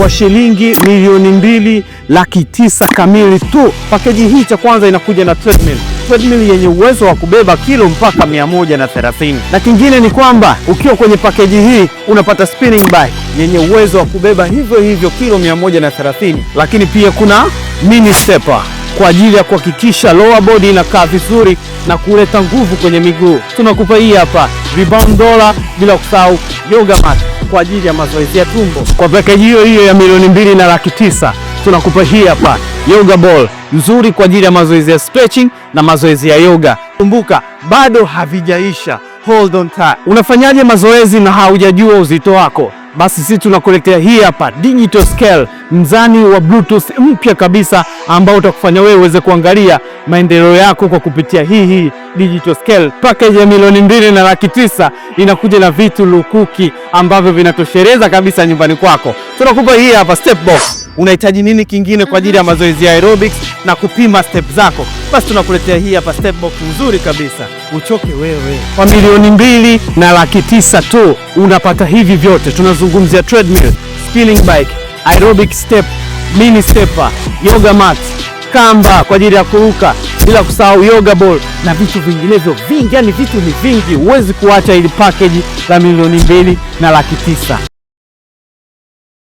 kwa shilingi milioni mbili laki tisa kamili tu. Pakeji hii cha kwanza inakuja na treadmill treadmill yenye uwezo wa kubeba kilo mpaka 130, na kingine ni kwamba ukiwa kwenye pakeji hii unapata spinning bike yenye uwezo wa kubeba hivyo hivyo kilo 130, lakini pia kuna mini stepper kwa ajili ya kuhakikisha lower body inakaa vizuri na kuleta nguvu kwenye miguu. Tunakupa hii hapa rebound dola, bila kusahau yoga mat kwa ajili ya mazoezi ya tumbo. Kwa pakeji hiyo hiyo ya milioni mbili na laki tisa tunakupa hii hapa yoga ball nzuri kwa ajili ya mazoezi ya stretching na mazoezi ya yoga. Kumbuka bado havijaisha, hold on tight. Unafanyaje mazoezi na haujajua uzito wako? basi sisi tunakuletea hii hapa Digital Scale, mzani wa Bluetooth mpya kabisa ambao utakufanya wewe uweze kuangalia maendeleo yako kwa kupitia hii hii Digital Scale. Package ya milioni mbili na laki tisa inakuja na vitu lukuki ambavyo vinatoshereza kabisa nyumbani kwako. Tunakupa hii hapa step box unahitaji nini kingine kwa ajili ya mazoezi ya aerobics na kupima step zako, basi tunakuletea hii hapa step box nzuri kabisa, uchoke wewe. Kwa milioni mbili na laki tisa tu unapata hivi vyote. Tunazungumzia treadmill, spinning bike, aerobic step, mini stepper, yoga mat, kamba kwa ajili ya kuruka bila kusahau yoga ball na vitu vinginevyo vingi, yani vitu ni vingi, huwezi kuacha ili package la milioni mbili na laki tisa.